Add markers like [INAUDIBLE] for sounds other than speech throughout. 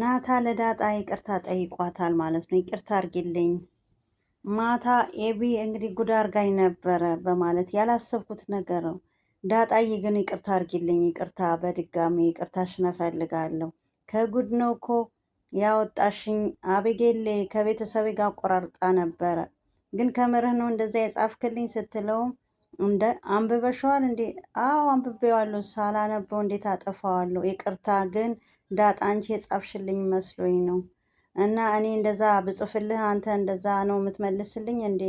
ናታ ለዳጣ ይቅርታ ጠይቋታል ማለት ነው። ይቅርታ አርግልኝ ማታ ኤቢ እንግዲህ ጉድ አርጋኝ ነበረ በማለት ያላሰብኩት ነገር ነው። ዳጣዬ ግን ይቅርታ አርግልኝ፣ ይቅርታ በድጋሚ ይቅርታሽን እፈልጋለሁ። ከጉድ ነው እኮ ያወጣሽኝ። አቤጌሌ ከቤተሰቤ ጋር አቆራርጣ ነበረ፣ ግን ከምርህ ነው እንደዚያ የጻፍክልኝ ስትለውም እንደ አንብበሸዋል እንዴ? አዎ አንብቤዋለሁ። ሳላነበው እንዴት አጠፋዋለሁ? ይቅርታ ግን ዳጣ አንቺ የጻፍሽልኝ መስሎኝ ነው እና እኔ እንደዛ ብጽፍልህ አንተ እንደዛ ነው የምትመልስልኝ እንዴ?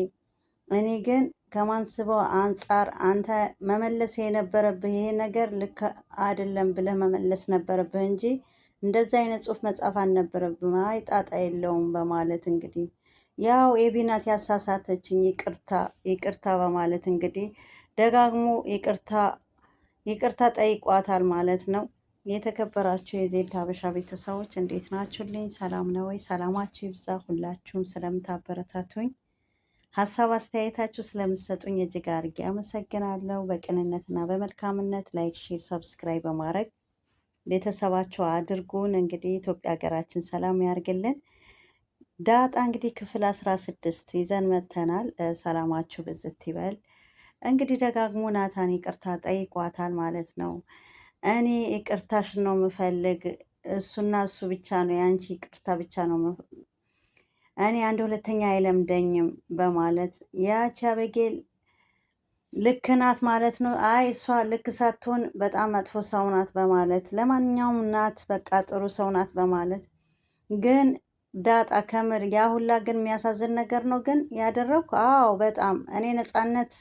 እኔ ግን ከማንስበው አንጻር አንተ መመለስ የነበረብህ ይሄ ነገር ልክ አይደለም ብለህ መመለስ ነበረብህ እንጂ እንደዚህ አይነት ጽሁፍ መጻፍ አልነበረብህም። አይ ጣጣ የለውም በማለት እንግዲህ ያው የቢናት ያሳሳተችኝ ይቅርታ ይቅርታ በማለት እንግዲህ ደጋግሞ ይቅርታ ይቅርታ ጠይቋታል ማለት ነው። የተከበራችሁ የዜድ ሀበሻ ቤተሰቦች እንዴት ናችሁልኝ? ሰላም ነው ወይ? ሰላማችሁ ይብዛ። ሁላችሁም ስለምታበረታቱኝ ሀሳብ አስተያየታችሁ ስለምሰጡኝ እጅግ አድርጌ አመሰግናለሁ። በቅንነትና በመልካምነት ላይክ፣ ሼር፣ ሰብስክራይብ በማድረግ ቤተሰባቸው አድርጉን። እንግዲህ ኢትዮጵያ ሀገራችን ሰላም ያርግልን። ዳጣ እንግዲህ ክፍል አስራ ስድስት ይዘን መጥተናል። ሰላማችሁ ብዝት ይበል። እንግዲህ ደጋግሞ ናታን ይቅርታ ጠይቋታል ማለት ነው። እኔ ይቅርታሽ ነው የምፈልግ። እሱና እሱ ብቻ ነው የአንቺ ይቅርታ ብቻ ነው እኔ አንድ ሁለተኛ አይለምደኝም በማለት ያቺ አበጌል ልክ ናት ማለት ነው። አይ እሷ ልክ ሳትሆን በጣም መጥፎ ሰው ናት በማለት ለማንኛውም ናት በቃ ጥሩ ሰው ናት በማለት ግን ዳጣ ከምር ያ ሁላ ግን የሚያሳዝን ነገር ነው ግን ያደረግኩ። አዎ በጣም እኔ ነፃነት።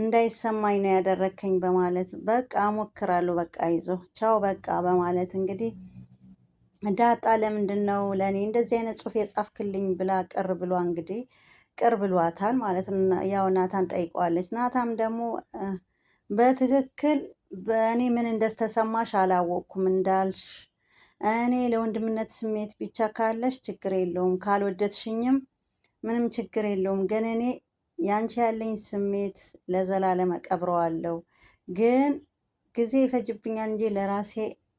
እንዳይሰማኝ ነው ያደረከኝ በማለት በቃ ሞክራለሁ፣ በቃ ይዞ ቻው፣ በቃ በማለት እንግዲህ ዳጣ ለምንድን ነው ለእኔ እንደዚህ አይነት ጽሁፍ የጻፍክልኝ ብላ ቅር ብሏ እንግዲህ ቅር ብሏታል ማለት ነው። ያው ናታን ጠይቀዋለች። ናታም ደግሞ በትክክል በእኔ ምን እንደተሰማሽ አላወቅኩም እንዳልሽ እኔ ለወንድምነት ስሜት ብቻ ካለሽ ችግር የለውም፣ ካልወደትሽኝም ምንም ችግር የለውም። ግን እኔ ያንቺ ያለኝ ስሜት ለዘላለም እቀብረዋለሁ። ግን ጊዜ ይፈጅብኛል እንጂ ለራሴ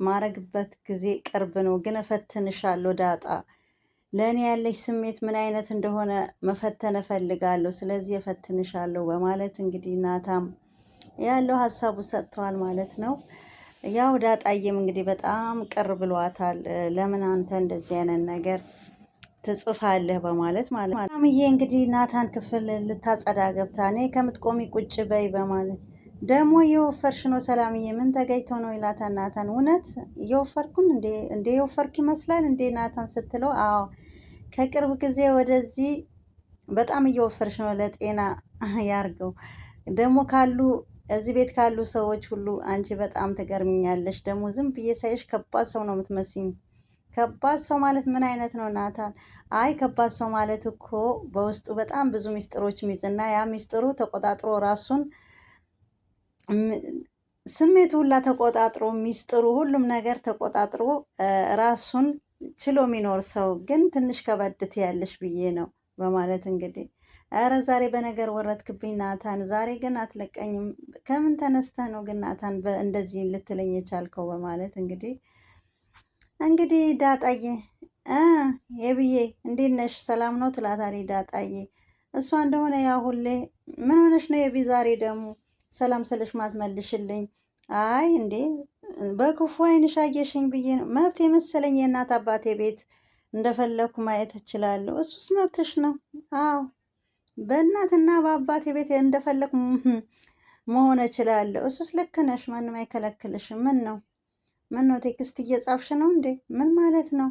ማረግበት ጊዜ ቅርብ ነው። ግን እፈትንሻለሁ ዳጣ። ለእኔ ያለሽ ስሜት ምን አይነት እንደሆነ መፈተን እፈልጋለሁ። ስለዚህ እፈትንሻለሁ በማለት እንግዲህ ናታም ያለው ሀሳቡ ሰጥተዋል ማለት ነው። ያው ዳጣዬም እንግዲህ በጣም ቅር ብሏታል። ለምን አንተ እንደዚህ አይነት ነገር ትጽፋለህ በማለት ማለት ነው። ማሚዬ እንግዲህ ናታን ክፍል ልታጸዳ ገብታ እኔ ከምትቆሚ ቁጭ በይ በማለት ደግሞ የወፈርሽ ነው ሰላምዬ ምን ተገኝቶ ነው ይላታል ናታን እውነት የወፈርኩን እንደ የወፈርክ ይመስላል እንዴ ናታን ስትለው አዎ ከቅርብ ጊዜ ወደዚህ በጣም እየወፈርሽ ነው ለጤና ያርገው ደግሞ ካሉ እዚህ ቤት ካሉ ሰዎች ሁሉ አንቺ በጣም ትገርምኛለሽ ደግሞ ዝም ብዬ ሳይሽ ከባድ ሰው ነው የምትመስኝ ከባድ ሰው ማለት ምን አይነት ነው ናታን? አይ ከባድ ሰው ማለት እኮ በውስጡ በጣም ብዙ ሚስጥሮች ሚዝና ያ ሚስጥሩ ተቆጣጥሮ ራሱን ስሜቱ ሁላ ተቆጣጥሮ ሚስጥሩ ሁሉም ነገር ተቆጣጥሮ ራሱን ችሎ የሚኖር ሰው ግን ትንሽ ከበድት ያለሽ ብዬ ነው በማለት እንግዲህ ኧረ ዛሬ በነገር ወረድክብኝ ናታን፣ ዛሬ ግን አትለቀኝም። ከምን ተነስተ ነው ግን ናታን እንደዚህ ልትለኝ የቻልከው? በማለት እንግዲህ እንግዲህ ዳጣዬ እ የብዬ እንዴት ነሽ ሰላም ነው ትላታለች ዳጣዬ። እሷ እንደሆነ ያ ሁሌ ምን ሆነሽ ነው የቢ ዛሬ ደግሞ ሰላም ስልሽ ማትመልሽልኝ? አይ እንዴ በክፉ አይንሽ አየሽኝ ብዬ ነው መብት የመሰለኝ የእናት አባቴ ቤት እንደፈለኩ ማየት እችላለሁ። እሱስ መብትሽ ነው። አዎ በእናትና በአባቴ ቤት እንደፈለግ መሆን እችላለሁ። እሱስ ልክ ነሽ፣ ማንም አይከለክልሽም። ምን ነው ምን ነው ቴክስት እየጻፍሽ ነው እንዴ? ምን ማለት ነው?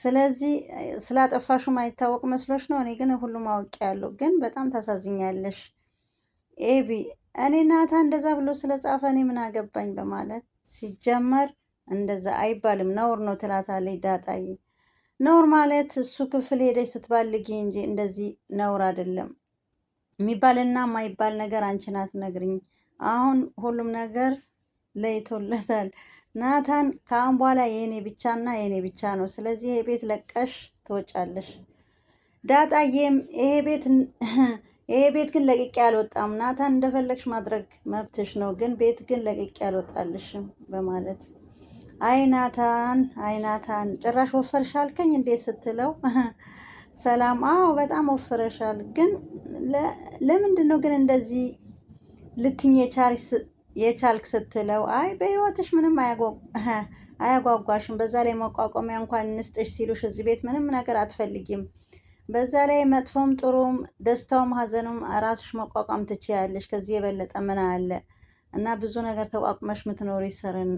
ስለዚህ ስላጠፋሹ ማይታወቅ መስሎች ነው። እኔ ግን ሁሉም ያለው ግን በጣም ታሳዝኛለሽ ኤቢ። እኔ ናታ እንደዛ ብሎ ስለጻፈ እኔ ምን አገባኝ በማለት ሲጀመር እንደዛ አይባልም ነውር ነው ትላታለች ዳጣዬ። ነውር ማለት እሱ ክፍል ሄደች ስትባልጊ እንጂ እንደዚህ ነውር አይደለም። የሚባልና የማይባል ነገር አንቺ ናት ነግርኝ። አሁን ሁሉም ነገር ለይቶለታል። ናታን ከአሁን በኋላ የእኔ ና የእኔ ብቻ ነው፣ ስለዚህ ይሄ ቤት ለቀሽ ትወጫለሽ። ዳጣዬም ይሄ ቤት ግን ለቅቄ አልወጣም፣ ናታን እንደፈለግሽ ማድረግ መብትሽ ነው፣ ግን ቤት ግን ለቅቄ አልወጣልሽም በማለት አይ ናታን፣ አይ ናታን ጭራሽ ወፈርሽ አልከኝ እንዴት ስትለው [LAUGHS] ሰላም አዎ በጣም ወፍረሻል። ግን ለምንድን ነው ግን እንደዚህ ልትኝ የቻልሽ የቻልክ ስትለው አይ በህይወትሽ ምንም [LAUGHS] አያጓጓሽም፣ በዛ ላይ መቋቋሚያ እንኳን ንስጥሽ ሲሉሽ እዚህ ቤት ምንም ነገር አትፈልጊም። በዛ ላይ መጥፎም ጥሩም ደስታውም ሀዘኑም ራስሽ መቋቋም ትችያለሽ። ከዚህ የበለጠ ምን አለ እና ብዙ ነገር ተቋቁመሽ ምትኖሪ ስርን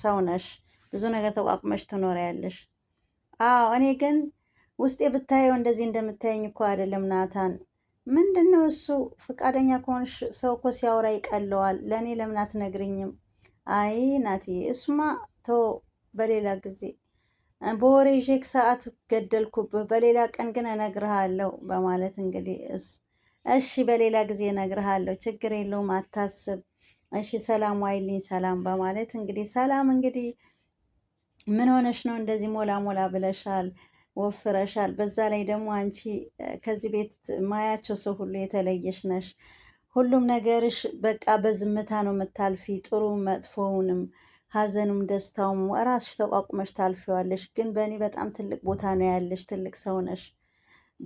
ሰው ነሽ። ብዙ ነገር ተቋቁመሽ ትኖሪያለሽ። አዎ እኔ ግን ውስጤ ብታየው እንደዚህ እንደምታየኝ እኮ አይደለም ናታን ምንድን ነው እሱ? ፈቃደኛ ከሆንሽ ሰው እኮ ሲያወራ ይቀለዋል። ለእኔ ለምን አትነግርኝም? አይ ናትዬ፣ እሱማ ቶ በሌላ ጊዜ በወሬ ዤክ ሰዓት ገደልኩብህ። በሌላ ቀን ግን እነግርሃለሁ በማለት እንግዲህ እሺ፣ በሌላ ጊዜ እነግርሃለሁ፣ ችግር የለውም አታስብ፣ እሺ፣ ሰላም ዋይልኝ፣ ሰላም በማለት እንግዲህ ሰላም እንግዲህ ምን ሆነሽ ነው እንደዚህ ሞላ ሞላ ብለሻል? ወፍረሻል። በዛ ላይ ደግሞ አንቺ ከዚህ ቤት ማያቸው ሰው ሁሉ የተለየሽ ነሽ። ሁሉም ነገርሽ በቃ በዝምታ ነው የምታልፊ። ጥሩ መጥፎውንም፣ ሀዘኑም፣ ደስታውም ራስሽ ተቋቁመሽ ታልፊዋለሽ። ግን በእኔ በጣም ትልቅ ቦታ ነው ያለሽ። ትልቅ ሰው ነሽ።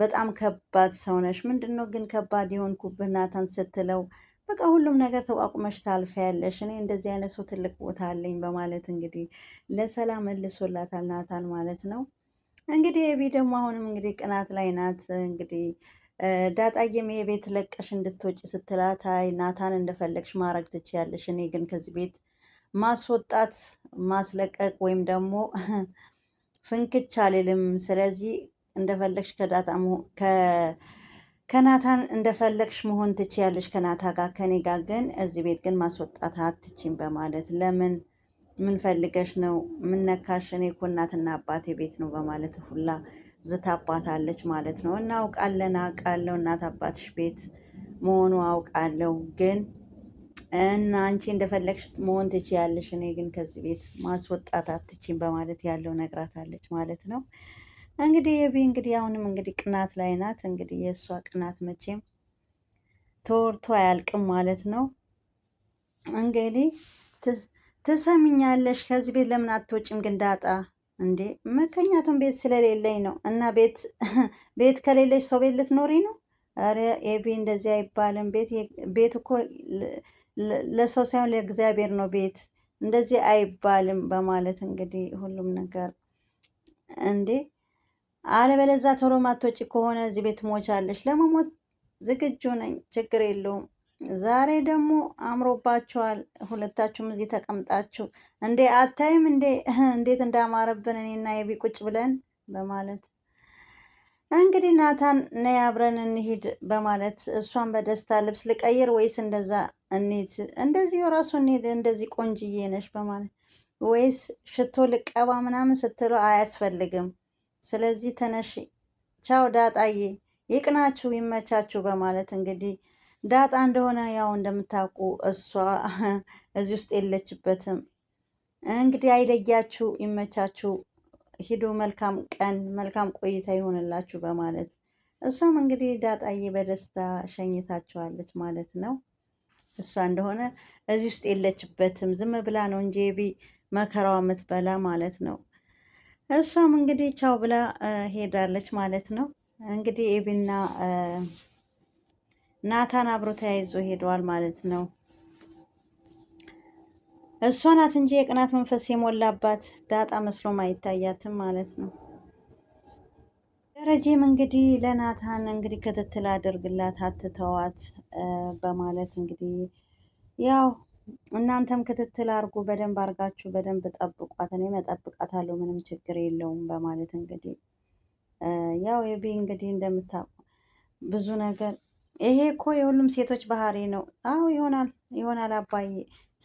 በጣም ከባድ ሰው ነሽ። ምንድን ነው ግን ከባድ የሆንኩብህ ናታን ስትለው በቃ ሁሉም ነገር ተቋቁመሽ ታልፊያለሽ። እኔ እንደዚህ አይነት ሰው ትልቅ ቦታ አለኝ በማለት እንግዲህ ለሰላም መልሶላታል ናታን ማለት ነው። እንግዲህ ኤቢ ደግሞ አሁንም እንግዲህ ቅናት ላይ ናት። እንግዲህ ዳጣዬም ይሄ ቤት ለቀሽ እንድትወጪ ስትላት አይ ናታን እንደፈለግሽ ማድረግ ትችያለሽ፣ እኔ ግን ከዚህ ቤት ማስወጣት ማስለቀቅ ወይም ደግሞ [LAUGHS] ፍንክች አልልም። ስለዚህ እንደፈለግሽ ከዳጣ ከናታን እንደፈለግሽ መሆን ትችያለሽ ከናታ ጋር ከኔ ጋር ግን እዚህ ቤት ግን ማስወጣት አትችም በማለት ለምን ምን ፈልገሽ ነው? ምን ነካሽ? እኔ እኮ እናትና አባቴ ቤት ነው በማለት ሁላ ዝታባታለች ማለት ነው። እና እናውቃለን፣ አውቃለሁ እናት አባትሽ ቤት መሆኑ አውቃለሁ። ግን እና አንቺ እንደፈለግሽ መሆን ትችያለሽ፣ እኔ ግን ከዚህ ቤት ማስወጣት አትችም በማለት ያለው ነግራታለች ማለት ነው። እንግዲህ የቢ እንግዲህ አሁንም እንግዲህ ቅናት ላይ ናት። እንግዲህ የእሷ ቅናት መቼም ተወርቶ አያልቅም ማለት ነው እንግዲህ ትሰምኛለሽ? ከዚህ ቤት ለምን አትወጭም ግን ዳጣ? እንዴ ምክንያቱም ቤት ስለሌለኝ ነው። እና ቤት [LAUGHS] ቤት ከሌለሽ ሰው ቤት ልትኖሪ ነው? ኧረ ኤቢ እንደዚህ አይባልም። ቤት ቤት እኮ ለሰው ሳይሆን ለእግዚአብሔር ነው ቤት እንደዚህ አይባልም በማለት እንግዲህ ሁሉም ነገር እንዴ አለበለዛ ቶሎ ማትወጪ ከሆነ እዚህ ቤት ትሞቻለሽ። ለመሞት ዝግጁ ነኝ፣ ችግር የለውም ዛሬ ደግሞ አምሮባቸዋል ሁለታችሁም እዚህ ተቀምጣችሁ እንዴ አታይም እንዴ [LAUGHS] እንዴት እንዳማረብን እኔና የቢ ቁጭ ብለን በማለት እንግዲህ ናታን ነይ አብረን እንሂድ በማለት እሷን በደስታ ልብስ ልቀይር ወይስ እንደዛ እንሂድ፣ እንደዚህ ራሱ እንሂድ፣ እንደዚህ ቆንጅዬ ነሽ በማለት ወይስ ሽቶ ልቀባ ምናምን ስትለው አያስፈልግም፣ ስለዚህ ተነሽ፣ ቻው ዳጣዬ፣ ይቅናችሁ፣ ይመቻችሁ በማለት እንግዲህ ዳጣ እንደሆነ ያው እንደምታውቁ እሷ [LAUGHS] እዚህ ውስጥ የለችበትም። እንግዲህ አይለያችሁ፣ ይመቻችሁ፣ ሂዱ። መልካም ቀን፣ መልካም ቆይታ ይሆንላችሁ በማለት እሷም እንግዲህ ዳጣዬ በደስታ ሸኝታቸዋለች ማለት ነው። እሷ እንደሆነ እዚህ ውስጥ የለችበትም። ዝም ብላ ነው እንጂ ቢ መከራዋ የምትበላ ማለት ነው። እሷም እንግዲህ ቻው ብላ ሄዳለች ማለት ነው። እንግዲህ ኤቢና ናታን አብሮ ተያይዞ ሄደዋል ማለት ነው። እሷ ናት እንጂ የቅናት መንፈስ የሞላባት ዳጣ መስሎም አይታያትም ማለት ነው። ደረጀም እንግዲህ ለናታን እንግዲህ ክትትል አድርግላት አትተዋት በማለት እንግዲህ ያው እናንተም ክትትል አድርጉ፣ በደንብ አድርጋችሁ በደንብ ጠብቋት፣ እኔ መጠብቃታለሁ፣ ምንም ችግር የለውም በማለት እንግዲህ ያው የቤ እንግዲህ እንደምታውቁ ብዙ ነገር ይሄ እኮ የሁሉም ሴቶች ባህሪ ነው። አዎ ይሆናል ይሆናል አባዬ፣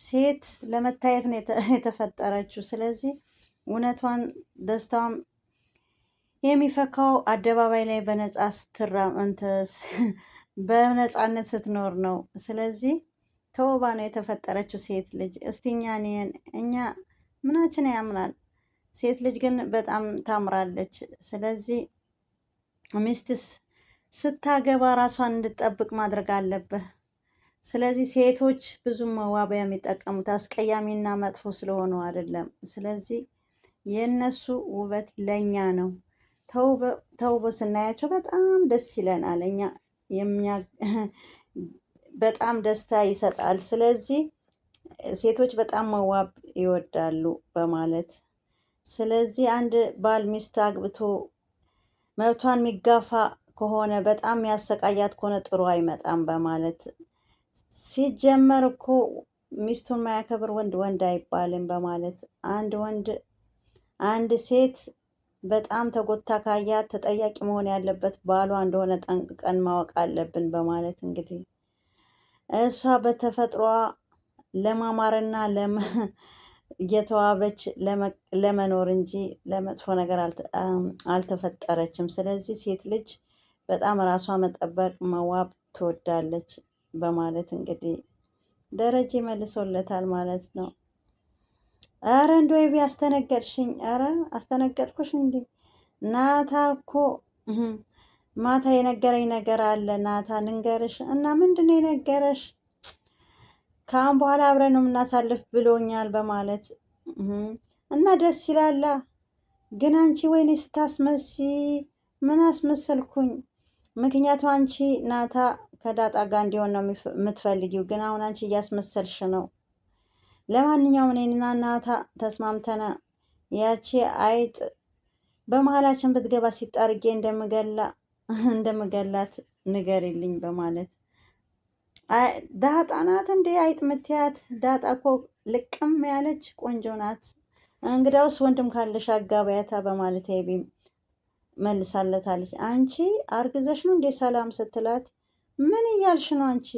ሴት ለመታየት ነው የተፈጠረችው። ስለዚህ እውነቷን ደስታዋም የሚፈካው አደባባይ ላይ ስትራ ስትራመንተስ በነፃነት ስትኖር ነው። ስለዚህ ተውባ ነው የተፈጠረችው ሴት ልጅ። እስቲ እኛን እኛ ምናችን ያምናል? ሴት ልጅ ግን በጣም ታምራለች። ስለዚህ ሚስትስ ስታገባ ራሷን እንድጠብቅ ማድረግ አለብህ። ስለዚህ ሴቶች ብዙ መዋቢያ የሚጠቀሙት አስቀያሚና መጥፎ ስለሆኑ አይደለም። ስለዚህ የእነሱ ውበት ለእኛ ነው። ተውቦ ስናያቸው በጣም ደስ ይለናል። እኛ የሚያ [LAUGHS] በጣም ደስታ ይሰጣል። ስለዚህ ሴቶች በጣም መዋብ ይወዳሉ በማለት ስለዚህ አንድ ባል ሚስት አግብቶ መብቷን የሚጋፋ ከሆነ በጣም ያሰቃያት ከሆነ ጥሩ አይመጣም በማለት ሲጀመር እኮ ሚስቱን ማያከብር ወንድ ወንድ አይባልም በማለት አንድ ወንድ አንድ ሴት በጣም ተጎታ ካያት ተጠያቂ መሆን ያለበት ባሏ እንደሆነ ጠንቅቀን ማወቅ አለብን በማለት እንግዲህ እሷ በተፈጥሯ ለማማርና እየተዋበች ለመኖር እንጂ ለመጥፎ ነገር አልተፈጠረችም። ስለዚህ ሴት ልጅ በጣም ራሷ መጠበቅ መዋብ ትወዳለች በማለት እንግዲህ ደረጀ መልሶለታል ማለት ነው። አረ እንደ ወይቤ አስተነገጥሽኝ፣ አረ አስተነገጥኩሽ እንዴ ናታ እኮ ማታ የነገረኝ ነገር አለ ናታ ንንገርሽ እና ምንድን ነው የነገረሽ? ከአሁን በኋላ አብረን ነው የምናሳልፍ ብሎኛል በማለት እና ደስ ይላላ ግን አንቺ ወይኔ ስታስመሲ ምን አስመሰልኩኝ ምክንያቱም አንቺ ናታ ከዳጣ ጋር እንዲሆን ነው የምትፈልጊው፣ ግን አሁን አንቺ እያስመሰልሽ ነው። ለማንኛውም እኔና ናታ ተስማምተና ያቺ አይጥ በመሀላችን ብትገባ ሲጣርጌ [LAUGHS] እንደምገላት ንገሪልኝ በማለት ዳጣ ናት እንዴ አይጥ ምትያት? ዳጣ እኮ ልቅም ያለች ቆንጆ ናት። እንግዳውስ ወንድም ካለሽ አጋባያታ በማለት ቢም መልሳለታለች። አንቺ አርግዘሽ ነው እንዴ ሰላም ስትላት፣ ምን እያልሽ ነው አንቺ?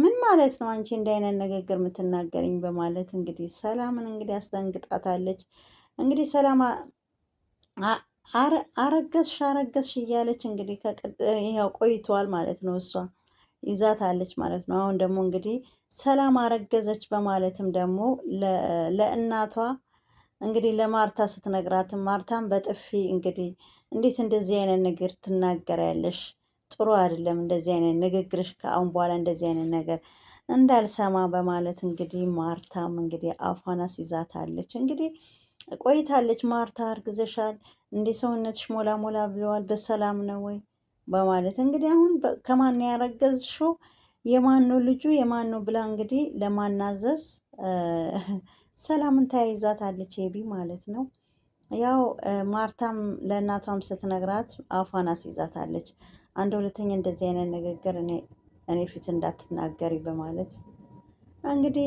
ምን ማለት ነው አንቺ እንዲህ አይነት ንግግር የምትናገርኝ? በማለት እንግዲህ ሰላምን እንግዲህ አስደንግጣታለች። እንግዲህ ሰላም አረገዝሽ አረገዝሽ እያለች እንግዲህ ይኸው ቆይተዋል ማለት ነው እሷ ይዛታለች ማለት ነው። አሁን ደግሞ እንግዲህ ሰላም አረገዘች በማለትም ደግሞ ለእናቷ እንግዲህ ለማርታ ስትነግራትም ማርታም በጥፊ እንግዲህ እንዴት እንደዚህ አይነት ነገር ትናገሪያለሽ? ጥሩ አይደለም እንደዚህ አይነት ንግግርሽ፣ ከአሁን በኋላ እንደዚህ አይነት ነገር እንዳልሰማ በማለት እንግዲህ ማርታም እንግዲህ አፏን አስይዛታለች። እንግዲህ ቆይታለች። ማርታ አርግዘሻል እንዴ? ሰውነትሽ ሞላ ሞላ ብለዋል። በሰላም ነው ወይ በማለት እንግዲህ አሁን ከማን ያረገዝሽው የማን ነው ልጁ የማን ነው ብላ እንግዲህ ለማናዘዝ ሰላምን ተያይዛታለች ኤቢ ማለት ነው። ያው ማርታም ለእናቷም ስትነግራት አፏን አስይዛታለች። አንድ ሁለተኛ እንደዚህ አይነት ንግግር እኔ ፊት እንዳትናገሪ በማለት እንግዲህ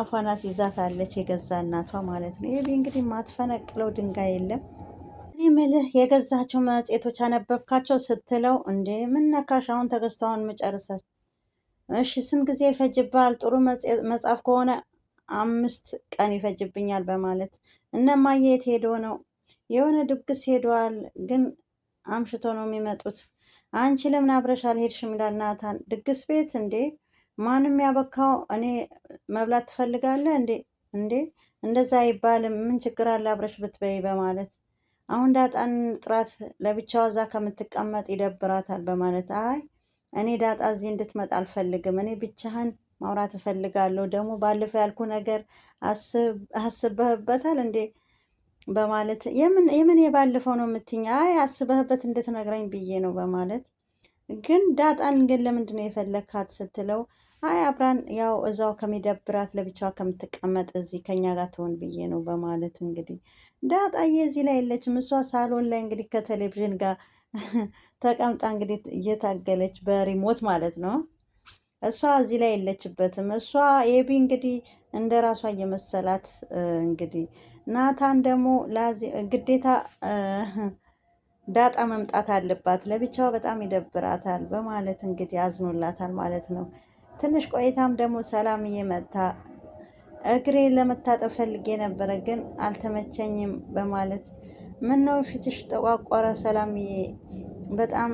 አፏን አስይዛታለች፣ የገዛ እናቷ ማለት ነው። ኤቢ እንግዲህ ማትፈነቅለው ድንጋይ የለም። እኔ ምልህ የገዛቸው መጽሔቶች አነበብካቸው ስትለው እንዴ ምን ነካሽ? አሁን ተገዝቶ አሁን እሺ ስንት ጊዜ ይፈጅብሃል? ጥሩ መጽሐፍ ከሆነ አምስት ቀን ይፈጅብኛል በማለት እነማዬ የት ሄዶ ነው? የሆነ ድግስ ሄደዋል፣ ግን አምሽቶ ነው የሚመጡት። አንቺ ለምን አብረሽ አልሄድሽም? ይላል ናታን። ድግስ ቤት እንዴ? ማንም ያበካው እኔ መብላት ትፈልጋለህ እንዴ? እንዴ እንደዛ አይባልም። ምን ችግር አለ አብረሽ ብትበይ በማለት አሁን ዳጣን ጥራት ለብቻዋ እዛ ከምትቀመጥ ይደብራታል በማለት አይ እኔ ዳጣ እዚህ እንድትመጣ አልፈልግም። እኔ ብቻህን ማውራት እፈልጋለሁ። ደግሞ ባለፈው ያልኩ ነገር አስበህበታል እንዴ በማለት የምን የባለፈው ነው የምትኝ? አይ አስበህበት እንድትነግረኝ ብዬ ነው በማለት ግን ዳጣን ግን ለምንድን ነው የፈለግካት ስትለው አይ አብራን ያው እዛው ከሚደብራት ለብቻዋ ከምትቀመጥ እዚህ ከኛ ጋር ትሆን ብዬ ነው በማለት እንግዲህ ዳጣዬ እዚህ ላይ የለችም። እሷ ሳሎን ላይ እንግዲህ ከቴሌቪዥን ጋር ተቀምጣ እንግዲህ እየታገለች በሪሞት ማለት ነው እሷ እዚህ ላይ የለችበትም። እሷ ኤቢ እንግዲህ እንደ ራሷ እየመሰላት እንግዲህ ናታን ደግሞ ግዴታ ዳጣ መምጣት አለባት፣ ለብቻዋ በጣም ይደብራታል በማለት እንግዲህ አዝኖላታል ማለት ነው። ትንሽ ቆይታም ደግሞ ሰላም እየመታ እግሬ ለመታጠብ ፈልጌ ነበረ ግን አልተመቸኝም በማለት ምን ነው ፊትሽ ጠቋቆረ ሰላምዬ? በጣም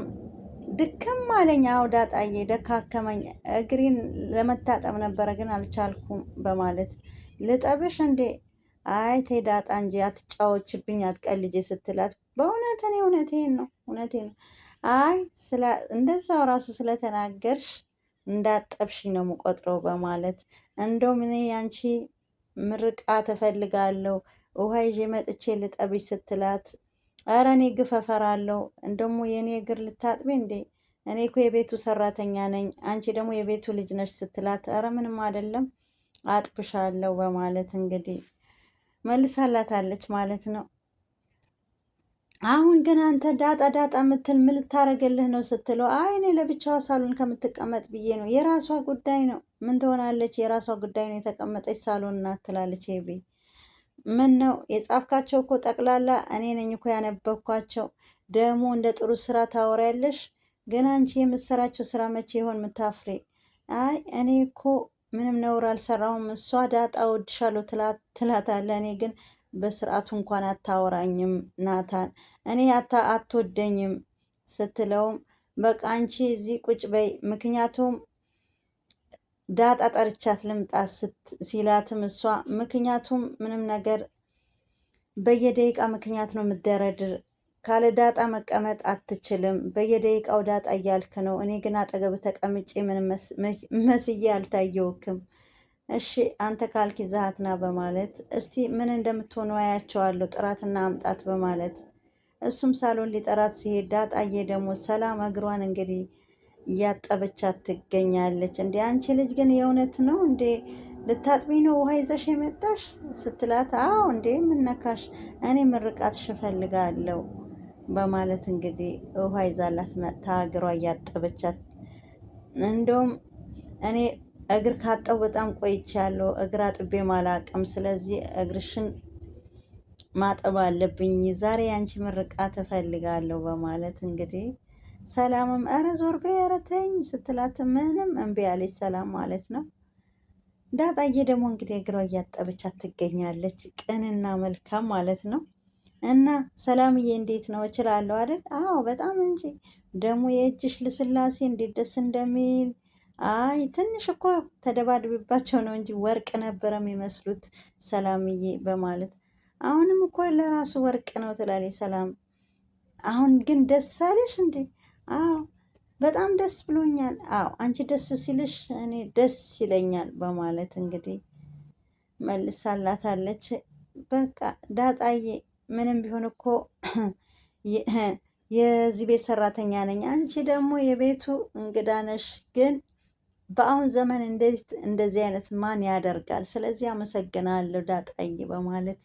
ድክም አለኝ። አዎ ዳጣዬ ደካከመኝ። እግሬን ለመታጠብ ነበረ ግን አልቻልኩም በማለት ልጠብሽ እንዴ? አይ ተይ ዳጣ እንጂ አትጫወችብኝ፣ አትቀልጄ ስትላት በእውነት እኔ እውነቴን ነው እውነቴን ነው። አይ እንደዛው ራሱ ስለተናገርሽ እንዳጠብሽ ነው የምቆጥረው በማለት እንደውም እኔ ያንቺ ምርቃት እፈልጋለሁ ውሃ ይዤ መጥቼ ልጠብሽ ስትላት ኧረ እኔ ግፍ እፈራለሁ። እንደሞ የእኔ እግር ልታጥቢ እንዴ? እኔ እኮ የቤቱ ሰራተኛ ነኝ፣ አንቺ ደግሞ የቤቱ ልጅ ነች ስትላት፣ ኧረ ምንም አይደለም አጥብሻለሁ በማለት እንግዲህ መልሳላታለች ማለት ነው። አሁን ግን አንተ ዳጣ ዳጣ የምትል ምን ልታረገልህ ነው ስትለው፣ አይ እኔ ለብቻዋ ሳሎን ከምትቀመጥ ብዬ ነው። የራሷ ጉዳይ ነው። ምን ትሆናለች? የራሷ ጉዳይ ነው። የተቀመጠች ሳሎን ናት ትላለች። ቤ ምን ነው የጻፍካቸው እኮ ጠቅላላ እኔ ነኝ እኮ ያነበብኳቸው። ደግሞ እንደ ጥሩ ስራ ታወሪያለሽ፣ ግን አንቺ የምትሰራቸው ስራ መቼ ይሆን ምታፍሬ? አይ እኔ እኮ ምንም ነውር አልሰራሁም። እሷ ዳጣ ወድሻለሁ ትላታለ። እኔ ግን በስርዓቱ እንኳን አታወራኝም ናታን፣ እኔ አትወደኝም ስትለውም በቃ አንቺ እዚህ ቁጭ በይ ምክንያቱም ዳጣ ጠርቻት ልምጣ ሲላትም እሷ ምክንያቱም ምንም ነገር በየደቂቃ ምክንያት ነው የምደረድር ካለ ዳጣ መቀመጥ አትችልም። በየደቂቃው ዳጣ እያልክ ነው። እኔ ግን አጠገብ ተቀምጬ ምንም መስዬ አልታየውክም። እሺ አንተ ካልኪ ይዛሃትና በማለት እስቲ ምን እንደምትሆኑ አያቸዋለሁ፣ ጥራትና አምጣት በማለት እሱም ሳሎን ሊጠራት ሲሄድ ዳጣዬ ደግሞ ሰላም እግሯን እንግዲህ እያጠበቻት ትገኛለች። እንዴ አንቺ ልጅ ግን የእውነት ነው እንዴ ልታጥቢ ነው ውሃ ይዘሽ የመጣሽ ስትላት፣ አዎ እንዴ ምነካሽ እኔ ምርቃትሽ እፈልጋለሁ በማለት እንግዲህ ውሃ ይዛላት መጥታ እግሯ እያጠበቻት እንደውም እኔ እግር ካጠው በጣም ቆይቻለሁ። እግር አጥቤ ማላቅም። ስለዚህ እግርሽን ማጠብ አለብኝ። ዛሬ አንቺ ምርቃት እፈልጋለሁ በማለት እንግዲህ ሰላምም ኧረ ዞር በይ ኧረ ተኝ ስትላት ምንም እምቢ ያለች ሰላም ማለት ነው። ዳጣዬ ደግሞ እንግዲህ እግሯ እያጠበቻት ትገኛለች። ቅንና መልካም ማለት ነው። እና ሰላምዬ እንዴት ነው እችላለሁ አይደል? አዎ በጣም እንጂ ደግሞ የእጅሽ ልስላሴ እንዴት ደስ እንደሚል አይ ትንሽ እኮ ተደባድብባቸው ነው እንጂ ወርቅ ነበረ የሚመስሉት ሰላምዬ በማለት አሁንም እኮ ለራሱ ወርቅ ነው ትላለች ሰላም። አሁን ግን ደስ አለሽ እንዴ? አዎ በጣም ደስ ብሎኛል። አዎ አንቺ ደስ ሲልሽ እኔ ደስ ይለኛል በማለት እንግዲህ መልሳላታለች። በቃ ዳጣዬ ምንም ቢሆን እኮ [CLEARS THROAT] የዚህ ቤት ሰራተኛ ነኝ፣ አንቺ ደግሞ የቤቱ እንግዳ ነሽ። ግን በአሁን ዘመን እንደዚህ አይነት ማን ያደርጋል? ስለዚህ አመሰግናለሁ ዳጣዬ በማለት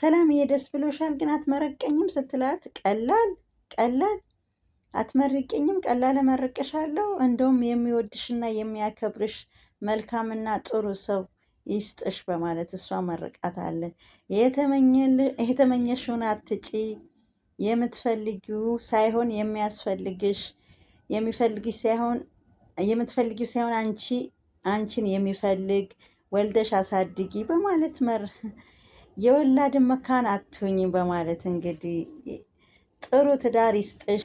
ሰላምዬ፣ ደስ ብሎሻል ግን አትመረቀኝም ስትላት ቀላል ቀላል አትመርቅኝም? ቀላል መርቅሻለሁ። እንደውም የሚወድሽና የሚያከብርሽ መልካምና ጥሩ ሰው ይስጥሽ በማለት እሷ መርቃት አለ። የተመኘሽውን አትጪ፣ የምትፈልጊው ሳይሆን የሚያስፈልግሽ የሚፈልግሽ ሳይሆን የምትፈልጊው ሳይሆን አንቺ አንቺን የሚፈልግ ወልደሽ አሳድጊ በማለት መር የወላድን መካን አትሁኝ በማለት እንግዲህ ጥሩ ትዳር ይስጥሽ።